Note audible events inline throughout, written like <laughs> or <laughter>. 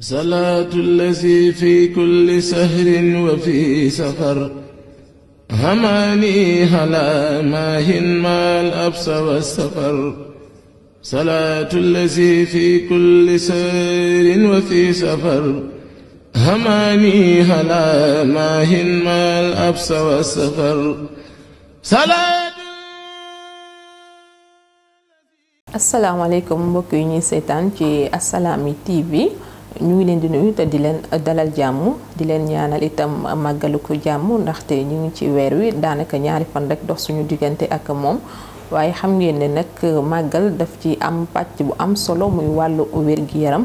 salaatu allazi fi kulli sahrin wa fi safar hamaani hala maahin maal absa wa safar salaatu allazi fi kulli sahrin wa fi safar hamaani hala maahin maal absa wa safar salaatu. asalaamaaleykum mbokk yi ñuy seetaan ci Assalaamy TV. ñu ngi leen di nuyu te di leen dalal jàmm di leen ñaanal itam màggalu ko jàmm ndaxte ñu ngi ci weer wi daanaka ñaari fan rek dox suñu diggante ak moom waaye xam ngeen ne nag màggal daf ci am pàcc bu am solo muy wàllu wér-gi-yaram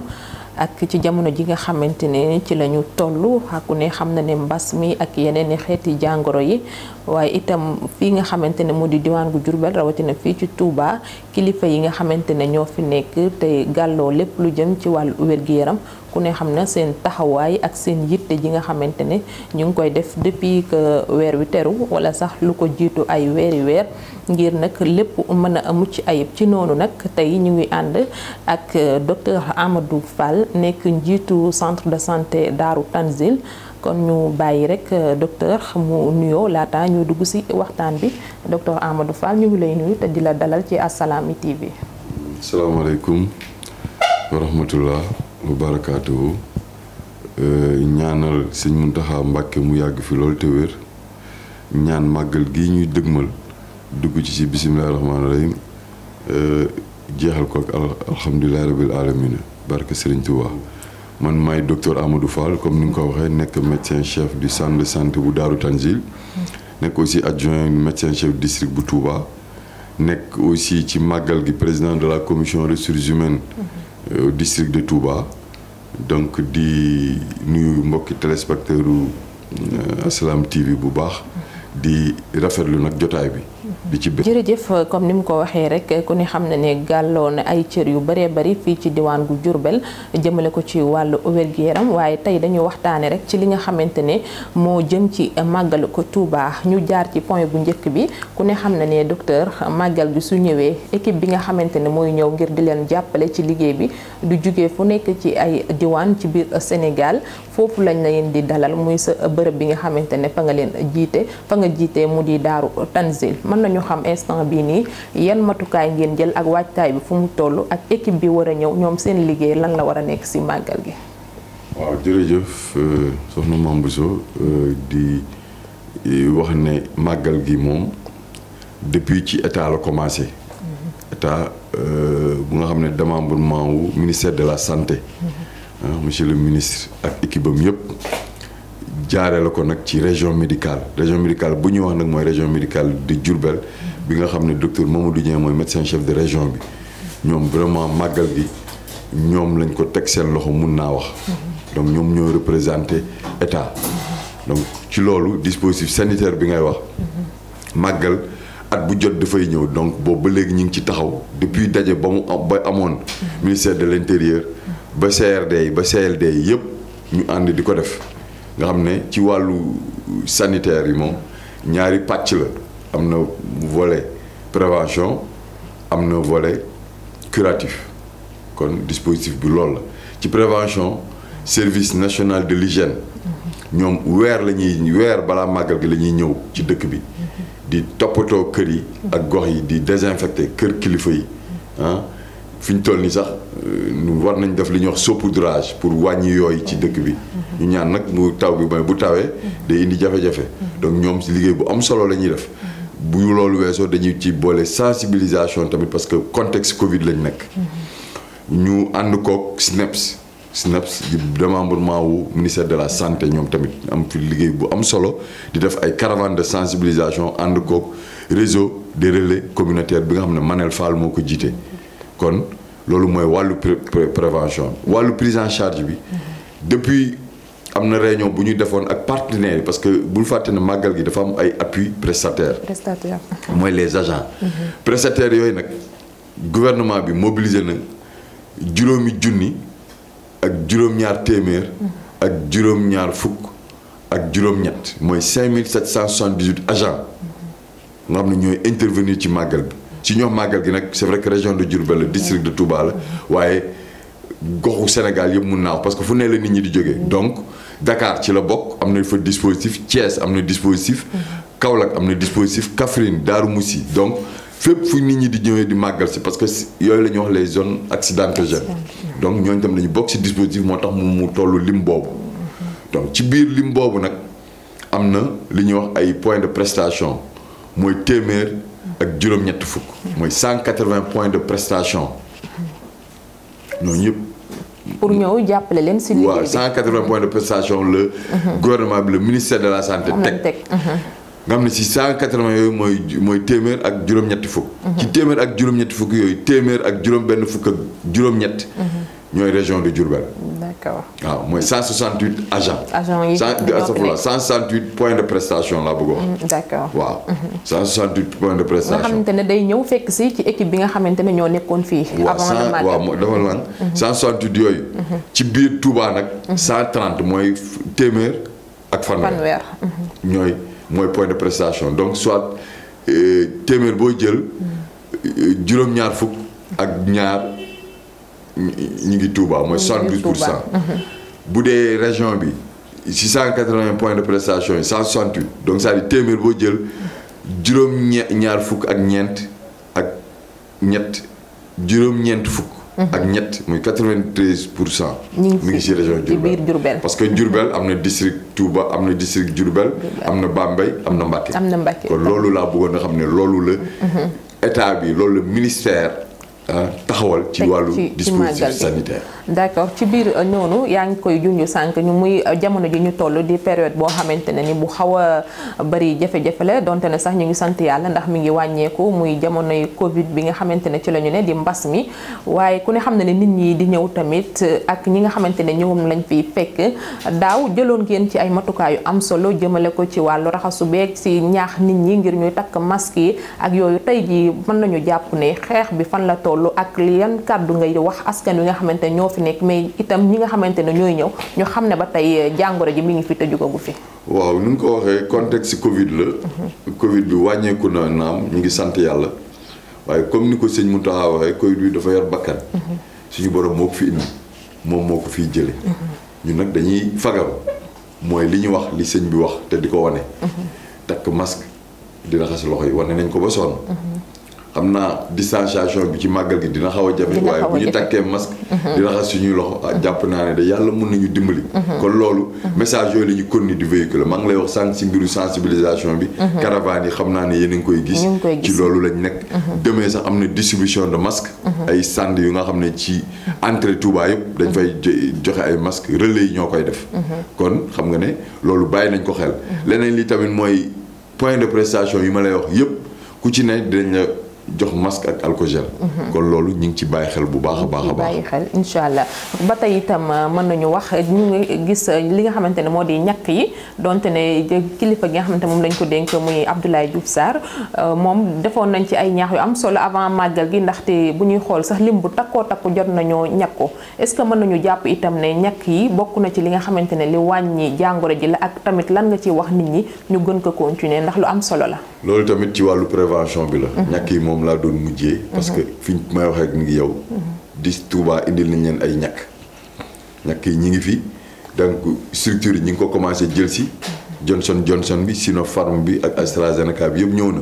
ak ci jamono ji nga xamante ne ci la ñu toll xaku ne xam na ne mbas mi ak yeneen i xeeti jàngoro yi waaye itam fii nga xamante ne moo di diwaan gu Jurbel rawatina fii ci tuubaa kilifa yi nga xamante ne ñoo fi nekk te gàlloo lépp lu jëm ci wàllu wér-gi-yaram ku ne xam na seen taxawaay ak seen yitte ji nga xamante ne ñu ngi koy def depuis que weer wi teru wala sax lu ko jiitu ay weeri weer ngir nag lépp mën a mucc ayib ci noonu nag tey ñu ngi ànd ak euh, docteur Amadou Fall nekk njiitu centre de santé Daaru Tanzil kon ñu bàyyi rek euh, docteur mu nuyoo laata ñu dugg ci waxtaan bi docteur Amadou Fall ñu ngi lay nuyu te di la dalal ci Assalaamy TV. salaamaaleykum wa wa barakaatuhu euh, ñaanal sëñ Muntaxa Mbàkke mu yàgg fi loolu te wér ñaan màggal gi ñuy dëgmal dugg ci ci bisimilahi rahmaani rahim euh, jeexal ko ak alhamdulilahi rabil alamina barke Sëriñ Tuubaa man maay docteur Amadou Fall comme ni nga ko waxee nekk médecin chef du centre de santé bu Daaru Tanzil nekk aussi adjoint médecin chef district bu Touba nekk aussi ci màggal gi président de la commission ressources humaines au euh, district de Touba donc di nuyu mbokki téléspectateur u euh, Assalaamy TV bu baax di rafetlu nag jotaay bi bi jërëjëf comme ni mu ko waxee rek ku ne xam na ne gàlloo na ay cër yu bëree bëri fii ci diwaan gu Jurbel jëmale ko ci wàllu wér-gu-yaram waaye tey dañu waxtaane rek ci li nga xamante ne moo jëm ci màggal ko tuubaax ñu jaar ci point bu njëkk bi ku ne xam na ne docteur màggal gi su ñëwee équipe bi nga xamante ne mooy ñëw ngir di leen jàppale ci liggéey bi du jugee fu nekk ci ay diwaan ci biir Sénégal foofu lañ la leen di dalal muy sa bërëb bi nga xamante ne fa nga leen jiite fa nga jiitee mu di daaru tanzil mën nañu xam instant bii nii yan matukaay ngeen jël ak waajtaay bi fu mu toll ak équipe bi war a ñëw ñoom seen liggéey lan la war a nekk ci màggal gi. waaw jërëjëf euh, soxna Mame euh, di wax ne màggal gi moom depuis ci état la commencé. Mm-hmm. état euh, bu nga xam ne démembrement wu ministère de la santé. Mm-hmm. Ah, monsieur le ministre ak équipe am jaaree la ko nag ci région médical région médicale bu ñuy wax nag mooy région médicale di Diourbel bi nga xam ne docteur Mamadou Dieng mooy médecin chef de région bi ñoom vraiment màggal bi ñoom lañ ko teg seen loxo mun naa wax donc ñoom ñoo représenté état donc ci loolu dispositif sanitaire bi ngay wax màggal at bu jot dafay ñëw donc boobu ba léegi ñu ngi ci taxaw depuis daje ba mu ba amoon ministère de l'intérieur ba CRD yi ba CLD yi yëpp ñu ànd di ko def nga xam ne ci wàllu sanitaire yi moom ñaari pàcc la am na volet prévention am na volet curatif kon dispositif bi lool la ci prévention service national de l'hygiène ñoom weer la ñuy weer balaa màggal gi la ñuy ñëw ci dëkk bi di toppatoo kër yi ak gox yi di désinfecter kër kilifa yi ah fi ñu toll nii sax euh, nu war nañ def li ñuy wax saupoudrage pour wàññi yooyu ci dëkk bi. Mhm. ñu ñaan nag bu taw bi ba bu tawee. Mhm. day indi jafe-jafe. Mhm. donc ñoom si liggéey bu am solo la ñuy def. bu ñu loolu weesoo dañuy ci boole sensibilisation tamit parce que contexte Covid lañ nekk. ñu ànd koog SNEPS. SNEPS di démembrement wu ministère de la santé ñoom tamit am fi liggéey bu am solo di def ay caravane de sensibilisation ànd koog réseau des relais communautaires bi nga xam ne Manel Fall moo ko jiite. kon loolu mooy wàllu prévention wàllu prise en charge bi depuis am na réunion bu ñu defoon ak partenaires yi parce que bul fàtte ne màggal gi dafa am ay appui prestataire mooy les agents mhm. prestataires yooyu nag gouvernement bi mobilisé na juróomi junni ak juróom-ñaar téeméer mhm. ak juróom-ñaar fukk ak juróom-ñett mooy 5778 agents mhm. nga xam ne ñooy intervenir ci màggal bi ci ñoom màggal gi nag c'est vrai que région de Diourbel la district de Touba waaye goxu Sénégal yëpp mun naaw parce que fu ne la nit ñi di jógee donc dakaar ci la bokk am na fa dispositif Thiès am na dispositif Kaolack am na dispositif Kaffrine Darou Moussi donc fépp fu nit ñi di ñëwee di màggal si parce que yooyu la ñuy wax les zones accidentogènes donc ñooñu tam nañu bokk si dispositif moo tax mu mu toll lim boobu donc ci biir lim boobu nag am na li ñuy wax ay points de prestation mooy téeméer ak juróom-ñett fukk mooy cent quatre-vingts points de prestation ñooñu yëpp pour ñëw jàppale leen si liggéey bi waaw 180 points de prestation le mhm. gouvernement bi le ministère de la santé teg mhm. nga xam ne si 180 yooyu mooy mooy téeméer ak juróom-ñetti fukk mhm. ak juróom fukk yooyu téeméer ak juróom benn fukk ak juróom-ñett ñooy région de Diourbel. d'accord waaw mooy 168 agents. agents yi ñoo 168 points de prestation laa bëgg wax. Mm, d'accord waaw. 168 mhm. points de prestation. nga xamante ne day ñëw fekk si ci équipe bi nga xamante ne ñoo nekkoon fii. avant le match waaw dafa lan 168 mhm. yooyu. Mhm. ci biir Touba nag. 130 mooy téeméer ak fanweer. ñooy mooy point de prestation donc soit euh, téeméer boo jël euh, juróom-ñaar fukk ak ñaar. ñu ngi tuuba mooy soixante-douze pour bu dee région bi six cent quatre-vingts points de prestation yi cent soixante-huit donc cest à téeméer boo jël juróom ñaar fukk ak ñeent ak ñett juróom-ñeent fukk mhm. ak ñett muy 93 pour cent. mu ngi si région Diourbel parce que Diourbel am na district tuuba am na district Diourbel. am na Bambey am na Mbacké. am na Mbacké kon loolu laa bëggoon a xam ne loolu la. Mhm. état bi loolu la ministère. taxawal ci wàllu dispositif sanitaire d' accord ci biir euh, noonu yaa ngi koy junj sànq ñu muy euh, jamono ji ñu toll di période boo xamante ne ni bu xaw a bëri jafe-jafe la donte ne sax ñu ngi sant yàlla ndax mi ngi wàññeeku muy jamonoy covid bi nga xamante ne ci la ñu ne di mbas mi waaye ku ne xam na ne nit ñi di ñëw tamit euh, ak ñi nga xamante ne ñoom lañ fiy fekk daaw jëloon ngeen ci ay matukaayu am solo jëmale ko ci wàllu raxasu beeg si ñaax nit ñi ngir ñuy takk masque yi ak yooyu tey ji mën nañu jàpp ne xeex bi fan la toll toll ak yan kàddu nga wax askan wi nga xamante ne ñoo fi nekk mais itam ñi nga xamante ne ñooy ñëw ñu xam ne ba tey euh, jàngoro ji mi ngi fi te jugagu fi. waaw nu nga ko waxee contexte Covid la. Mhm. Covid bi wàññeeku na naam ñu ngi sant yàlla waaye comme ni ko sëñ Mountakha waxee Covid bi dafa yor bakkan. Mhm. suñu borom moo ko fi indi moom moo ko fi jëlee. Mhm. ñu nag dañuy fagaru mooy li ñu wax li sëñ bi wax te di ko wane. takk masque di raxas loxo yi wane nañ ko ba sonn. xam naa distanciation bi ci màggal gi dina xaw a jafe waaye bu ñu takkee masque mhm. di raxas suñuy loxo mhm. jàpp naa ne de yàlla mun na ñu dimbali mhm. kon loolu message yooyu la ñu konni di véhiculer maa ngi lay wax sànq si mbiru sensibilisation bi caravane yi xam naa ne yéen a ngi koy gis ci loolu lañ nekk demee sax am na distribution de masque ay stand yu nga xam ne ci entrée Touba yëpp dañ fay joxe ay masque relais yi ñoo koy def kon xam nga ne loolu bàyyi nañ ko xel leneen li tamit mooy point de prestation yi ma lay wax yëpp ku ci ne dinañ la jox masque ak alcogel. Mhm. kon loolu ñu ci bàyyi xel bu baax a baax a baax. bàyyi xel allah ba tey itam euh, mën nañu wax ñu nga gis euh, li nga xamante ne moo di ñàkk yi donte ne euh, kilifa gi nga xamante moom lañ ko dénk muy Abdoulaye Diouf Sarr moom defoon nañ ci ay ñaax yu am solo avant màggal gi ndaxte bu ñuy xool sax lim bu takkoo takku jot nañoo ñàkku est-ce que mën nañu jàpp itam ne ñàkk yi bokk na ci li nga xamante ne li wàññi jàngoro ji la ak tamit lan nga ci wax nit ñi ñu gën ko continuer ndax lu am solo la. loolu ci wàllu prévention moom laa doon mujjee. parce que fi may waxee ak ngi yow. di tuubaa indi nañ leen ay ñàkk. ñàkk yi ñu ngi fi donc structure yi ñu ngi ko commencé jël si. Johnson Johnson bi Sinopharm bi ak AstraZeneca bi yëpp ñëw na.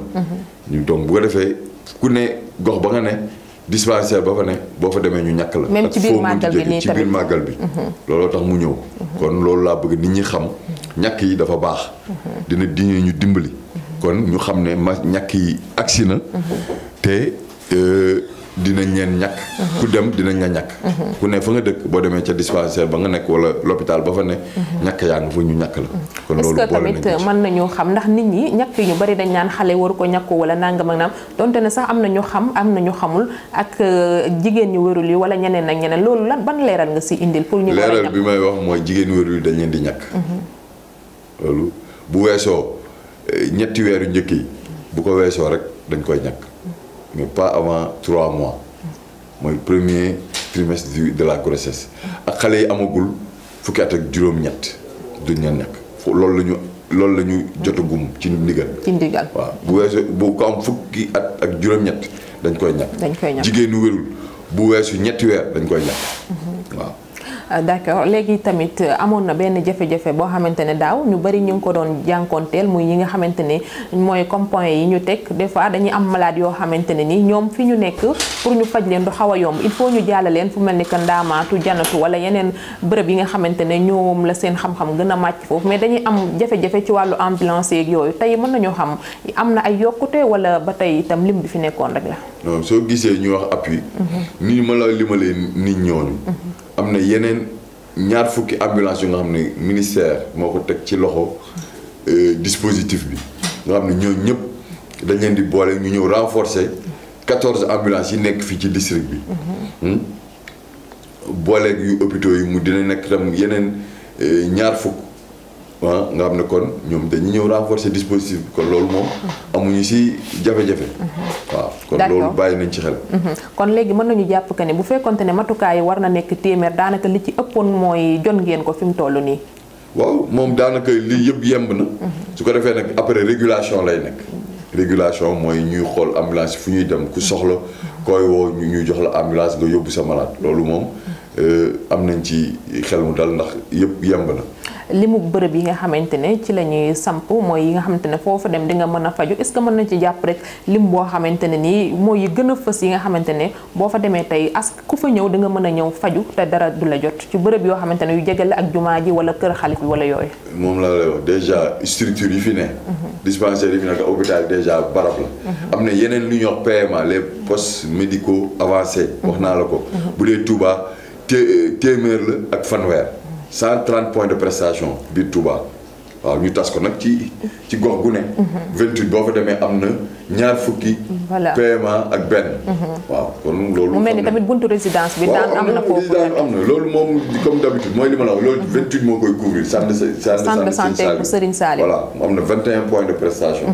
ñu donc bu ko defee ku ne gox ba nga ne dispensaire ba fa ne boo fa demee ñu ñàkk la. ci biir màggal bi ak foo ci bi. looloo tax mu ñëw. kon loolu laa bëgg nit ñi xam ñàkk yi dafa baax. dina dina ñu dimbali. kon ñu xam ne ma ñàkk yi agsi na te euh, dinañ leen ñàkk ku dem dinañ nga ñàkk ku ne fa nga dëkk boo demee ca dispensaire ba nga nekk wala l'hôpital ba fa ne ñàkk yaa nga fa ñu ñàkk la kon loolu est-ce que tamit xam ndax nit ñi ñàkk ñu bari dañ naan xale waru ko ñàkku wala nangam ak naam donte ne sax am na ñu xam am na ñu xamul ak euh, jigéen ñu wérul yi wala ñeneen ak ñeneen loolu lan ban leeral nga si indil pour ñu leeral bi may wax mooy jigéen wérul yi dañ leen di ñàkk mhm. bu weesoo ñetti weer yu njëkk yi bu ko weesoo rek dañ koy ñàkk mais pas avant trois mois mooy premier trimestre de la grossesse ak xale yi amagul fukki at ak juróom-ñett duñ leen ñàkk loolu la ñu loolu jotagum ci ndigal. ci ndigal waaw bu weesoo bu ko am fukki at ak juróom-ñett dañ koy ñàkk. jigéenu wérul bu weesu ñetti weer dañ koy ñàkk mhm. waaw. Euh, d'accord léegi tamit euh, amoon na benn jafe-jafe boo xamante ne daaw ñu bari ñu ngi ko doon jànkoonteel muy ñi nga xamante ne mooy comme point yi ñu teg des fois dañuy am malade yoo xamante ne ni ñoom fi ñu nekk pour ñu faj leen du xaw a yomb il faut ñu jàll leen fu mel ni que ndaamaatu janatu wala yeneen bërëb yi nga xamante ne ñoom la seen xam-xam gën a màcc foofu mais dañuy am jafe-jafe ci wàllu ambulance yeeg yooyu tey mën nañoo xam am na ay yokkute wala ba tey itam lim bi fi nekkoon rek la. non soo gisee ñu wax appui. Mhm. ni ma la limalee nit ñooñu. Mhm. am na yeneen ñaar fukki ambulance yu nga xam ne ministère moo ko teg ci loxo euh, dispositif bi nga xam ne ñoo ñëpp dañ leen di boole ñu ñëw renforcer quatorze ambulances yi nekk fii ci district bi hmm? booleeg yu hôpitaux yi mu dina nekk tam yeneen euh, ñaar fukk ah nga xam ne kon ñoom dañu ñëw renforcer dispositif bi kon loolu moom. amuñu si jafe-jafe. Mhm. waaw kon loolu bàyyi nañ ci xel. Mhm. kon léegi mën nañu jàpp que ne bu fekkonte ne matukaay war na nekk téeméer daanaka li ci ëppoon mooy jot ngeen ko fi mu toll nii. waaw moom daanaka lii yëpp yemb na. Mhm. su ko defee nag après régulation lay nekk. régulation mooy ñuy xool ambulance fu ñuy dem ku soxla. koy woo ñu ñuy jox la ambulance nga yóbbu sa malade loolu moom. Euh, am nañ ci xel mu dal ndax yëpp yemb na. limu bërëb yi nga xamante ne ci la ñuy samp mooy yi nga xamante ne foofu dem di nga mën a faju est-ce que mën na ci jàpp rek lim boo xamante ne nii mooy yi gën a fës yi nga xamante ne boo fa demee tey as ku fa ñëw di nga mën a ñëw faju te dara du la jot ci bërëb yoo xamante ne yu jege la ak jumaa ji wala kër xalif bi wala yooyu. moom laa lay wax déjà structure yi fi ne. Mhm. dispensaire yi fi nekk hôpital déjà barab la. Mhm. am na yeneen lu ñuy wax PMA les postes médicaux mhm. naa la ko. té téeméer la ak fanweer trente points de prestation biir Touba. waaw ñu tas ko nag ci ci gox gu ne. 28 mhm. boo fa demee am na ñaar fukki. voilà PMA ak benn. Mhm. waaw mu mel ni tamit buntu résidence bi. daan am na foofu daan am na loolu moom comme d'habitude mooy li ma la mhm. moo koy couvrir centre de santé bu Serigne Saliou voilà am na 21 points de prestation.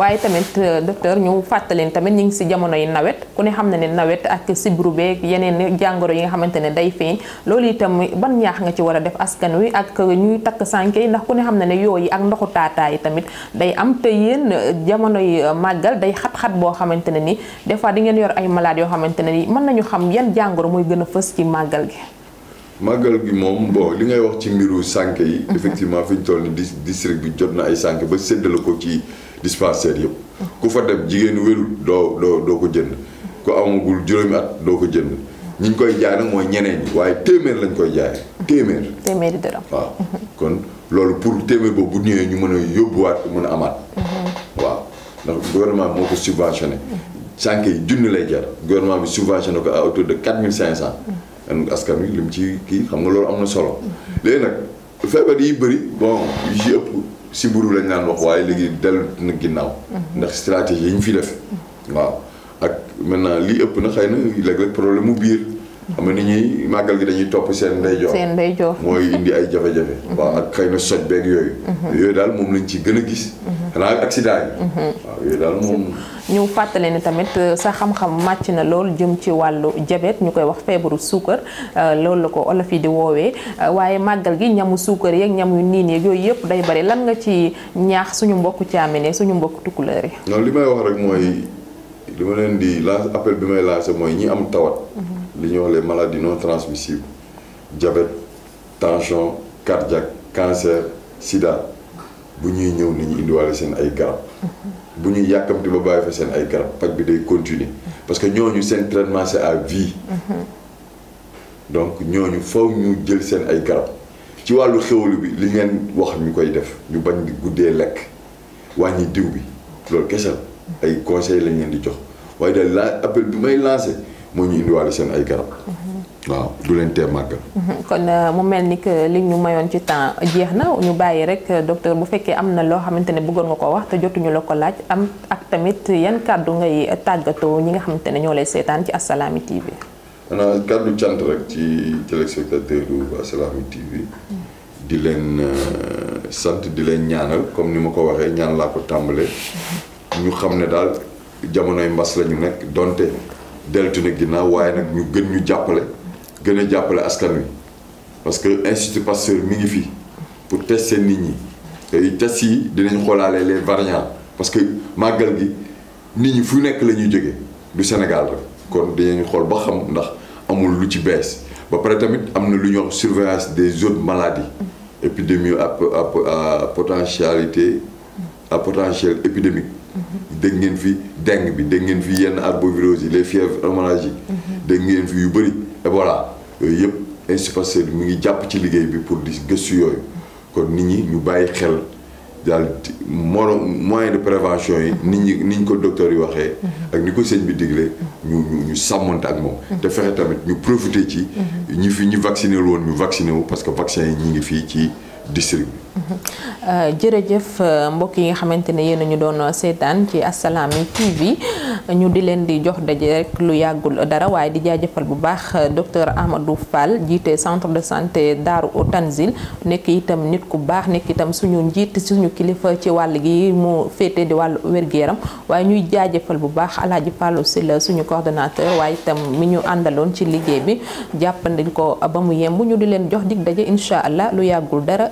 waaye tamit euh, docteur ñu fàttaleen tamit ñu ngi si jamono yi nawet ku ne xam na ne nawet ak sibru beeg yeneen jàngoro yi nga xamante ne day feeñ loolu itam ban ñaax nga ci war a def askan wi ak ñuy takk sànke ndax ku ne xam na tuyaux yi ak ndoxu taataa yi tamit day am te euh, jamono yi euh, màggal day xat-xat boo xamante ne ni des fois di ngeen yor ay malade yoo xamante ne ni mën nañu xam yan jàngoro mooy gën a fës ci màggal gi. màggal gi moom bon li ngay wax ci mbiru sànq yi. Mhm. effectivement fi ñu toll nii district bi jot na ay sànq ba séddale ko ci dispensaire yëpp. ku fa dem jigéen wérul doo doo doo ko jënd. ku amagul juróomi at doo ko jënd. ñi ñu koy jaay nag mooy ñeneen ñi waaye téeméer lañ koy jaay mhm. téeméer. téeméeri dërëm waaw mhm. loolu pour téeméer boobu bu ñëwee ñu mën a yóbbuwaat mën a amaat. Mm-hmm. waaw ndax gouvernement bi moo ko subventionné. Mm-hmm. sànq yi junni lay jar gouvernement bi subventionné ko à hauteur de quatre mille cinq cent. Mm-hmm. askan wi lim ci kii xam nga loolu am na solo. léegi nag feebar yi bëri bon yu ci ëpp siburu lañ naan wax waaye léegi dellu na ginnaaw. ndax stratégie yi ñu fi def. waaw ak maintenant lii ëpp na xëy na léeg-léeg problème mu biir. xam nga nit màggal gi dañuy topp seen ndeyjoor seen ndeyjoor mooy indi ay jafe-jafe. <laughs> waaw ak xëy na soj beeg yooyu. Mhm. yooyu daal moom lañ ci gën a gis. Mhm. xanaa ak accident mhm. waaw yooyu daal moom. ñu fàttale ni tamit euh, sa xam-xam màcc na lool jëm ci wàllu jabet ñu koy wax feebaru suukar euh, loolu la ko olof yi di woowee euh, waaye màggal gi ñamu suukar yeeg ñam yu niin yeeg yooyu yëpp day bari lan nga ci ñaax suñu mbokku caamine suñu mbokku tukkuleer yi. non li may wax rek mooy li ma leen di li ñuy wax les maladies non transmissibles diabète tension cardiaque cancer sida bu ñuy ñëw nit ñi indiwaale seen ay garab bu ñuy yàkkamti ba bàyyi fa seen ay garab paj bi day continuer parce que ñooñu seen traitement si à vie donc ñooñu faw ñu jël seen ay garab ci wàllu xéwalu bi li ngeen wax ñu koy def ñu bañ di guddee lekk wàññi diw bi loolu kese ay conseil lañ leen di jox waaye daal la appel bi may lancé moo ñu indiwaale seen ay garab. waaw du leen tee màggal. <laughs> kon euh, mu mel ni que li ñu mayoon ci temps jeex na ñu bàyyi rek euh, docteur bu fekkee am na loo xamante ne bëggoon nga ko wax te jotuñu la ko laaj am ak tamit yan kàddu ngay tàggatoo ñi nga xamante ne ñoo lay seetaan ci Assalaamy TV. xanaa kàddu cant rek ci téléspectateur bu Assalaamy TV. di leen euh, sant di leen ñaanal comme ni ma ko waxee ñaan laa ko tàmbalee. <laughs> ñu xam ne daal jamonoy mbas la nekk donte. deltu ne ginnaaw waaye nag ñu gën ñu jàppale gën a jàppale askan wi parce que institut Pasteur mi ngi fi pour seen nit ñi tey test yi dinañ xoolaale les variants parce que màggal gi nit ñi fu nekk la ñuy jógee du Sénégal rek kon dinañ xool ba xam ndax amul lu ci bees ba pare tamit am na lu ñuy wax surveillance des autres maladies épidémie à potentialité à potentiel épidémique dégg ngeen fi dengue bi dégg ngeen fi yenn arbovirose yi les fièvres hémorragiques yi mhm. dégg ngeen fi yu bëri Ebola yooyu yëpp Institut mu ngi jàpp ci liggéey bi pour di gëstu yooyu kon nit ñi ñu bàyyi xel daal moo moyen de prévention yi nit ñi ni ñu ko docteur yi waxee mhm. ak ni ko sëñ bi digle ñu ñu ñu ak moom mhm. te fexe tamit ñu profité ci ñi fi ñu vacciné woon ñu vacciné wu parce que vaccin yi ñi ngi fii ci district bi. Euh, jërëjëf euh, mbokk yi nga xamante ne yéen ñu doon seetaan ci assalaam Assalaamy TV ñu di leen di jox daje rek lu yàggul dara waaye di jaajëfal bu baax euh, docteur Amadou Fall jiite centre de santé Daaru Tanzil nekk itam nit ku baax nekk itam suñu njiit suñu kilifa ci wàll gi mu féete di wàll wér-gu-yaram waaye ñuy jaajëfal bu baax Alaaji si la suñu coordonnateur waaye itam mi ñu àndaloon ci liggéey bi jàppandiñ ko ba mu yem ñu di leen jox dig daje incha allah lu yàggul dara.